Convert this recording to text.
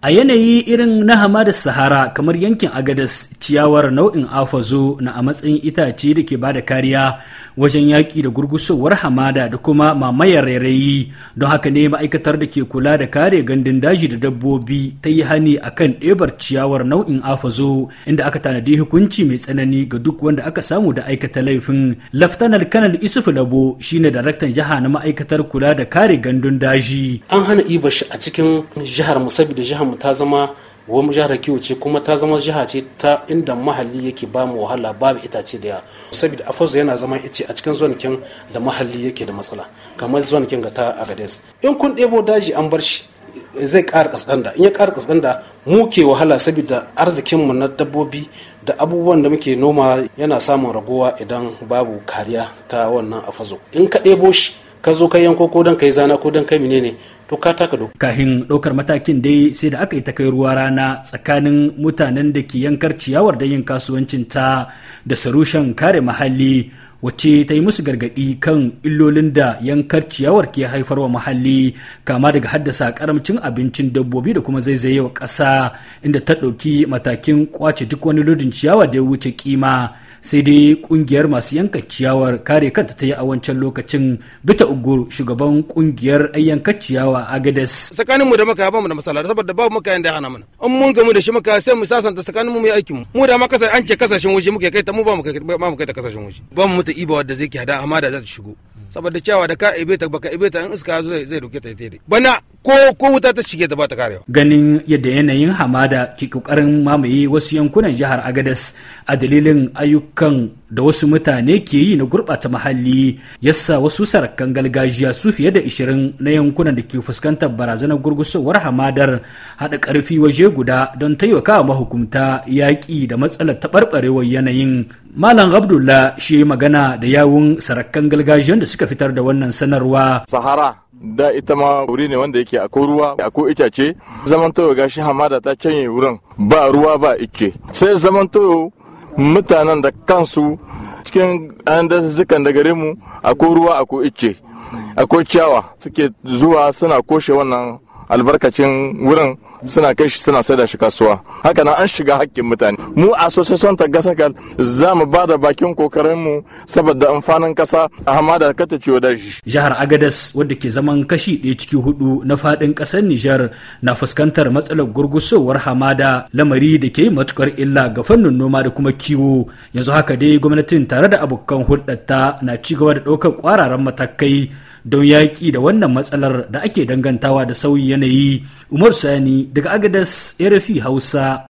A yanayi irin na hamadar Sahara kamar yankin Agadas ciyawar nau'in afazo na a matsayin itace da ke bada kariya wajen yaƙi da gurgusowar hamada da kuma mamayar rairayi don haka ne ma'aikatar da ke kula da kare gandun daji da dabbobi ta yi hani kan ɗebar ciyawar nau'in afazo inda aka tanadi hukunci mai tsanani ga duk wanda aka samu da aikata laifin. Laftanar Kanal Isuf Labo shine daraktan jiha na ma'aikatar kula da kare gandun daji. An hana ibar a cikin jihar Musabi da jihar mu ta zama wani jihar kiwo ce kuma ta zama jiha ce ta inda mahalli yake ba mu wahala babu itace da yawa saboda afozu yana zama ice a cikin zonkin da mahalli yake da matsala kamar zonkin ga ta agades in kun ɗebo daji an bar shi zai ƙara ƙasƙanda in ya ƙara ƙasƙanda mu ke wahala saboda arzikin mu na dabbobi da abubuwan da muke noma yana samun raguwa idan babu kariya ta wannan afazo in ka ɗebo shi ka zo ka yanko ko dan kai zana ko dan kai menene to ka taka do kahin ɗaukar matakin dai sai da aka yi ta kai ruwa rana tsakanin mutanen da ke yankar ciyawar da yin kasuwancin ta da sarushen kare muhalli wacce ta yi musu gargadi kan illolin da yankar ciyawar ke haifarwa muhalli kama daga haddasa karamcin abincin dabbobi da kuma zaizayewa ƙasa inda ta ɗauki matakin kwace duk wani ludin ciyawa da ya wuce kima sai dai kungiyar masu yanka ciyawar kare kanta ta yi a wancan lokacin bita ugur shugaban kungiyar ayyanka ciyawa agades tsakanin mu da maka ba mu da masala saboda babu maka yanda hana mana in mun gamu da shi maka sai mu sasanta tsakanin mu mai aikin mu mu da maka sai an ce kasashen waje muke kai ta mu ba mu kai ba mu kai ta kasashen waje ba mu mutu ibawa da zai ke hada amma da za ta shigo saboda ciyawa da ka ibe ta baka ibe ta in iska zai zai dauke ta yi bana ko ko wuta ta shige ta ba ta karewa. Ganin yadda yanayin hamada ke kokarin mamaye wasu yankunan jihar agadas a dalilin ayyukan da wasu mutane ke yi na gurɓata muhalli yasa wasu sarakan gargajiya su fiye da ishirin na yankunan da ke fuskantar barazanar gurgusowar hamadar haɗa ƙarfi waje guda don taimakawa mahukunta yaƙi da matsalar taɓarɓarewar yanayin. Malam Abdullah shi magana da yawun sarakkan gargajiyan da suka fitar da wannan sanarwa. Sahara da ita ma wuri ne wanda yake akwai ruwa akwai itace toyo gashi hamada ta canye wurin ba ruwa ba ice. sai toyo mutanen da kansu cikin an zikan da gare mu akwai ruwa akwai ice akwai ciyawa suke zuwa suna koshe wannan albarkacin wurin suna kai shi suna da shi kasuwa haka nan an shiga hakkin mutane mu association ta gasakal za mu ba da bakin kokarinmu saboda amfanin kasa a hamada ka ta ciwo dashi jihar agadas wadda ke zaman kashi ɗaya ciki hudu na faɗin ƙasar nijar na fuskantar matsalar gurgusowar hamada lamari da ke matukar illa ga fannin noma da kuma kiwo yanzu haka dai gwamnatin tare da abokan hulɗarta na ci gaba da ɗaukar ƙwararren matakai don yaƙi da wannan matsalar da ake dangantawa da sauyi yanayi umar sani daga agadas rfi hausa